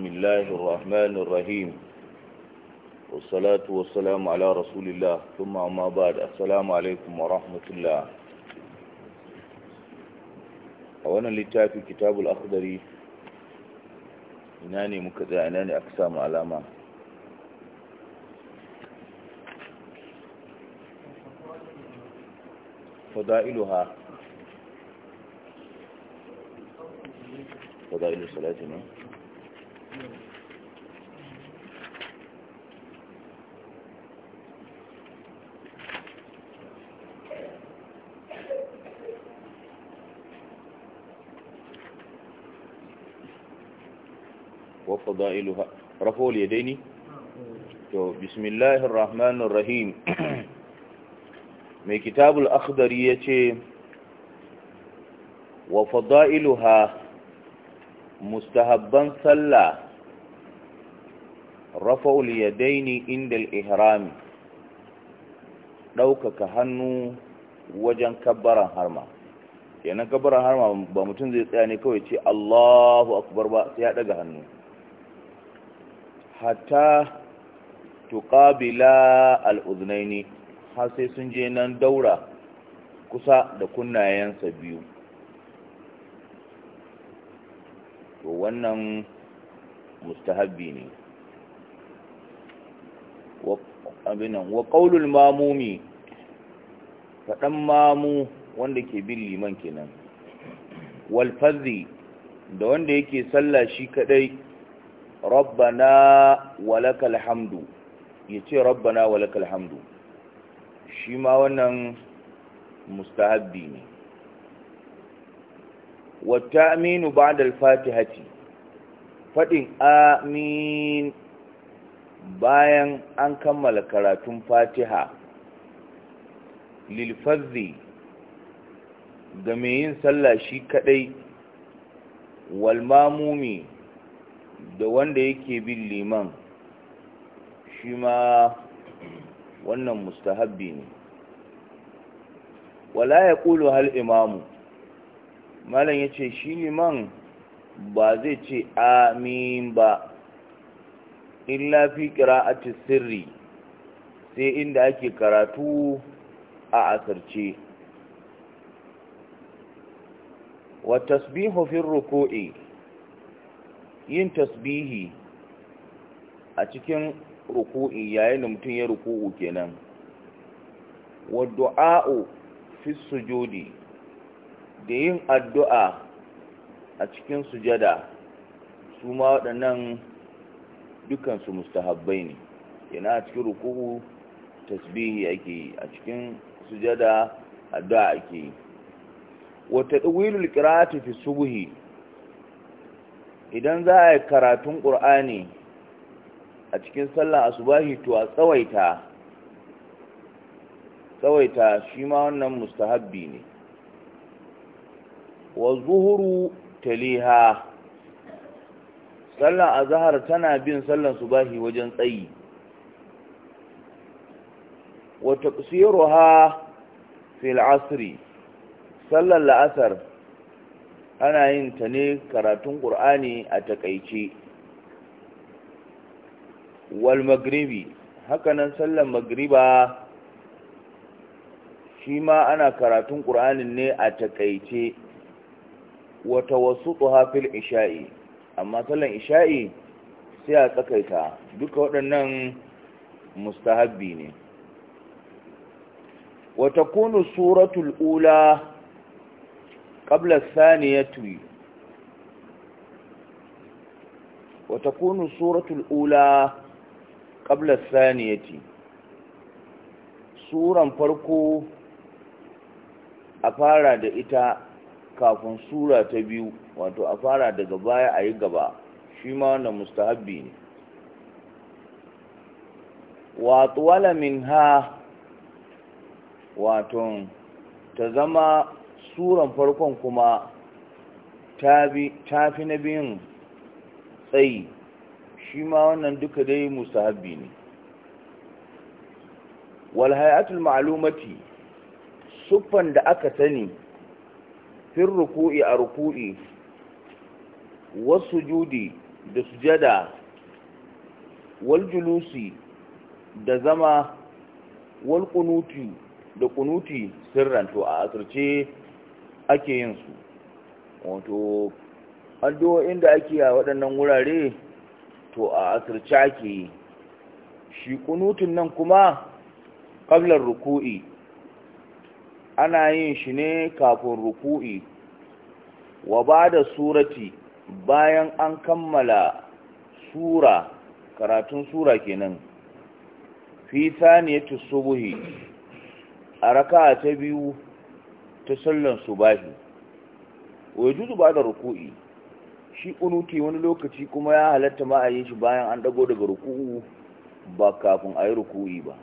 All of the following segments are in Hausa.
بسم الله الرحمن الرحيم والصلاة والسلام على رسول الله ثم أما بعد السلام عليكم ورحمة الله أولا لتعفي كتاب الأخضر إناني مكذا إناني أقسام علامة فضائلها فضائل الصلاة نعم. وفضائلها رفعوا اليدين بسم الله الرحمن الرحيم mai kitabul akhdari ya ce wa fada'iluha mustahabban sallah rafa'ul yadaini inda al-ihram ɗaukaka hannu wajen kabbaran harma kenan kabbaran harma ba mutum zai tsaya ne kawai ce Allahu akbar ba sai ya ɗaga hannu hatta tuqabila al'uznaini har sai sun je nan daura kusa da kunnayensa biyu to wannan mustahabbi ne abinan wa mamumi faɗan mamu wanda ke bin liman kenan walfazi da wanda yake sallah shi kaɗai rabbana walakal hamdu ya ce rabbana walakal hamdu shi ma wannan mustahabbi ne wata aminu ba da alfatihati faɗin amin bayan an kammala karatun fatiha lilfazzi ga mai yin sallah shi kaɗai walmamumi da wanda yake bin liman shi ma wannan mustahabbi ne wala ya ƙulu hal imamu malam ya ce shi liman ba zai ce amin ba illa fi ƙira'atis sirri sai inda ake karatu a asarce wa tasbihu fi ruku'i yin tasbihi a cikin ruku'i yayin da mutum ya ruku'u kenan wa du'a'u fi sujudi da yin addu'a a cikin sujada su ma waɗannan dukansu mustahabbai ne yana a cikin ruku'u tasbihi ake yi a cikin sujada addu'a ake yi wa tadwilul qira'ati fi subhi idan za a yi karatun ƙur'ani a cikin sallah asubahi to a tsawaita tsawaita shi ma wannan mustahabbi ne wa zuhuru taliha sallar azahar tana bin sallar subahi wajen tsayi wa taqsiruha fil asri Sallan la'asar ana yin ta ne karatun ƙur'ani a takaice wal magribi hakanan sallar magriba shi ma ana karatun ƙur'anin ne a takaice wata wasu tsohafil isha'i amma sallan isha'i sai a tsakaita duka waɗannan mustahabbi ne wata kunu suratul ula قبل الثانيه وتكون السوره الاولى قبل الثانيه سوره فرقو afara da ita kafin sura ta biyu wato afara daga baya a yi gaba shi ma wannan mustahabbi ne wato wala ha wato ta zama suran farkon kuma ta fi na biyun tsayi shi ma wannan duka dai habi ne walhayatul ma'alumati siffan da aka sani fin ruku'i a ruku'i wasu judi da sujada waljulusi da zama walƙunuti da ƙunuti sirran a asirce ake yin su wato addu'o'in inda ake a waɗannan wurare to a asirce ake yi shi kunutun nan kuma ƙablar ruku'i ana yin shi ne kafin ruku'i wa ba da surati bayan an kammala sura karatun sura kenan fi saniyatu subuhi a raka'a ta biyu ta sallan su subahi wai juzu ba da ruku'i shi kunuti wani lokaci kuma ya halatta ma a yi shi bayan an dago daga ruku'u ba kafin a yi ruku'i ba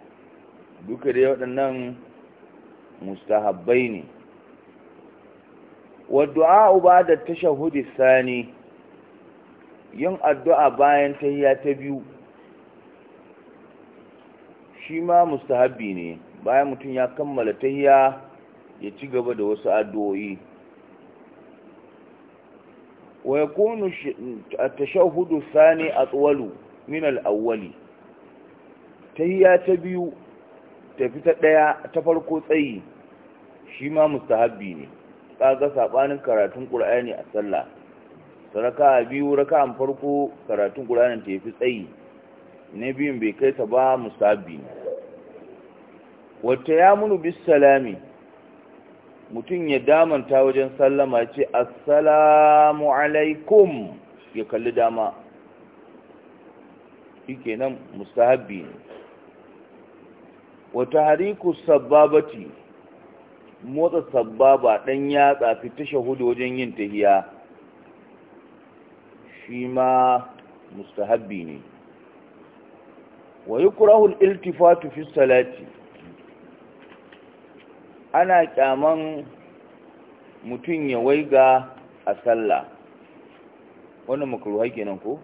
duka da waɗannan mustahabbai ne du'a ba da tashahudi sani yin addu'a bayan tahiya ta biyu shi ma mustahabbi ne bayan mutum ya kammala tahiya ya ci gaba da wasu addu'o'i wa yakunu at-tashahhudu thani atwalu min al-awwali ya ta biyu tafi ta ɗaya ta farko tsayi shi ma mustahabbi ne kaga sabanin karatun qur'ani a sallah saraka biyu raka'an farko karatun qur'anin ta yafi tsayi na biyun bai kai ta ba mustahabbi ne wata ya munu bis salami mutum ya damanta wajen sallama ce assalamu alaikum ya kalli dama shike nan mustahabbi ne wata hariku sababati motsa sababa ɗan yatsa fita shahudu wajen yin tahiya shi ma mustahabbi ne wa yukrahul iltifatu fi salati ana kyaman mutum ya waiga a sallah wannan makaruhai nan ko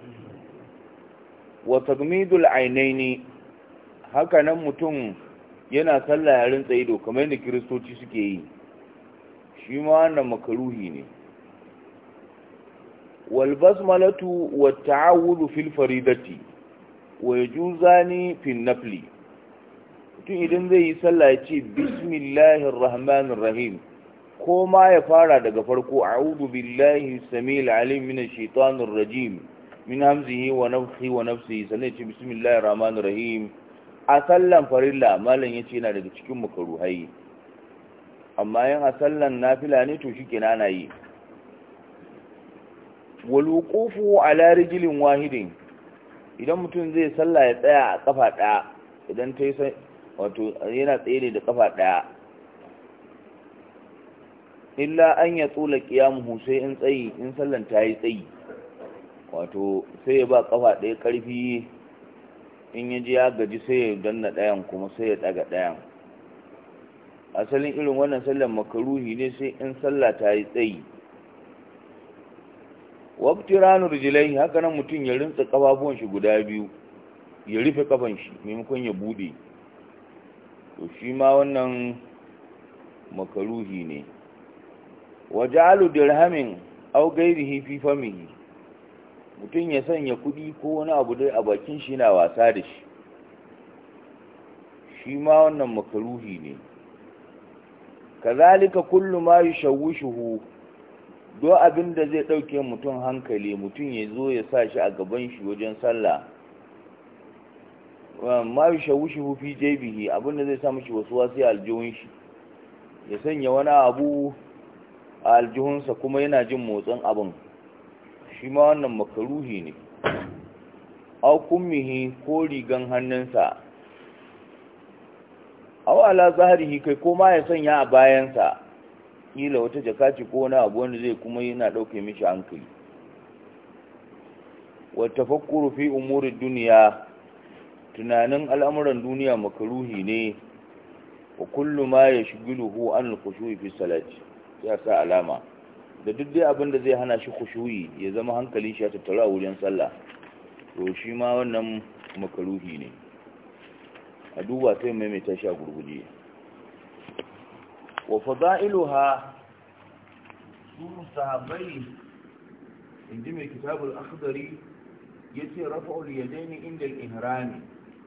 wa tagmidul haka nan mutum yana sallah ya rinsa ido kamar yadda kiristoci suke yi shi ma wannan makaruhi ne walbasmalatu basmalatu wat ta'awudu fil faridati wa yajuzani fin nafli mutum idan zai yi sallah ya ce bismillahir rahmanir rahim ko ma ya fara daga farko a'udhu billahi samil alim minash shaitanir rajim min hamzihi wa nafthihi wa nafsihi sannan ya ce bismillahir rahmanir rahim a sallan farilla malam yace yana daga cikin makaruhai amma yin a sallan nafila ne to shi ana na yi walukufu ala rijlin wahidin idan mutum zai sallah ya tsaya a kafa ɗaya idan ta yi wato yana tsaye ne da kafa daya illa an ya tsula qiyamuhu sai in tsayi in sallan ta yi tsayi wato sai ya ba kafa ɗaya karfi in ya ji ya gaji sai ya danna dayan kuma sai ya daga dayan asalin irin wannan sallan makaruhi ne sai in salla ta yi tsayi wabtiranu rijlai haka nan mutum ya rintsa kafafuwan shi guda biyu ya rufe kafan shi maimakon ya buɗe. to shi ma wannan makaruhi ne waja'alu dirhamin aw gairihi fi famihi mutum ya sanya kuɗi ko wani abu dai a bakin shi na wasa da shi shi ma wannan makaruhi ne kazalika kullu ma yashawishuhu do abin da zai ɗauke mutum hankali mutum ya zo ya sa shi a gaban shi wajen sallah ma yi shawushi hufi jebihi abinda zai sa shi wasu wasu aljihun shi ya sanya wani abu a aljihunsa kuma yana jin motsin abin shi ma wannan makaruhi ne aw kummihi ko rigan hannunsa au ala zahrihi kai ko ma ya sanya a bayansa kila wata jaka ce ko wani abu wanda zai kuma yana dauke mishi hankali wa tafakkuru fi umurin duniya tunanin al'amuran duniya makaruhi ne wa kullu ma ya shigiluhu an khushu'i fi salati ya sa alama da duk dai abin da zai hana shi khushu'i ya zama hankali shi ya tattara wurin sallah to shi ma wannan makaruhi ne a duba sai maimaita shi a gurguje wa fada'iluha su sahabbai inji mai kitabul akhdari yace rafa'ul yadaini inda al-ihrami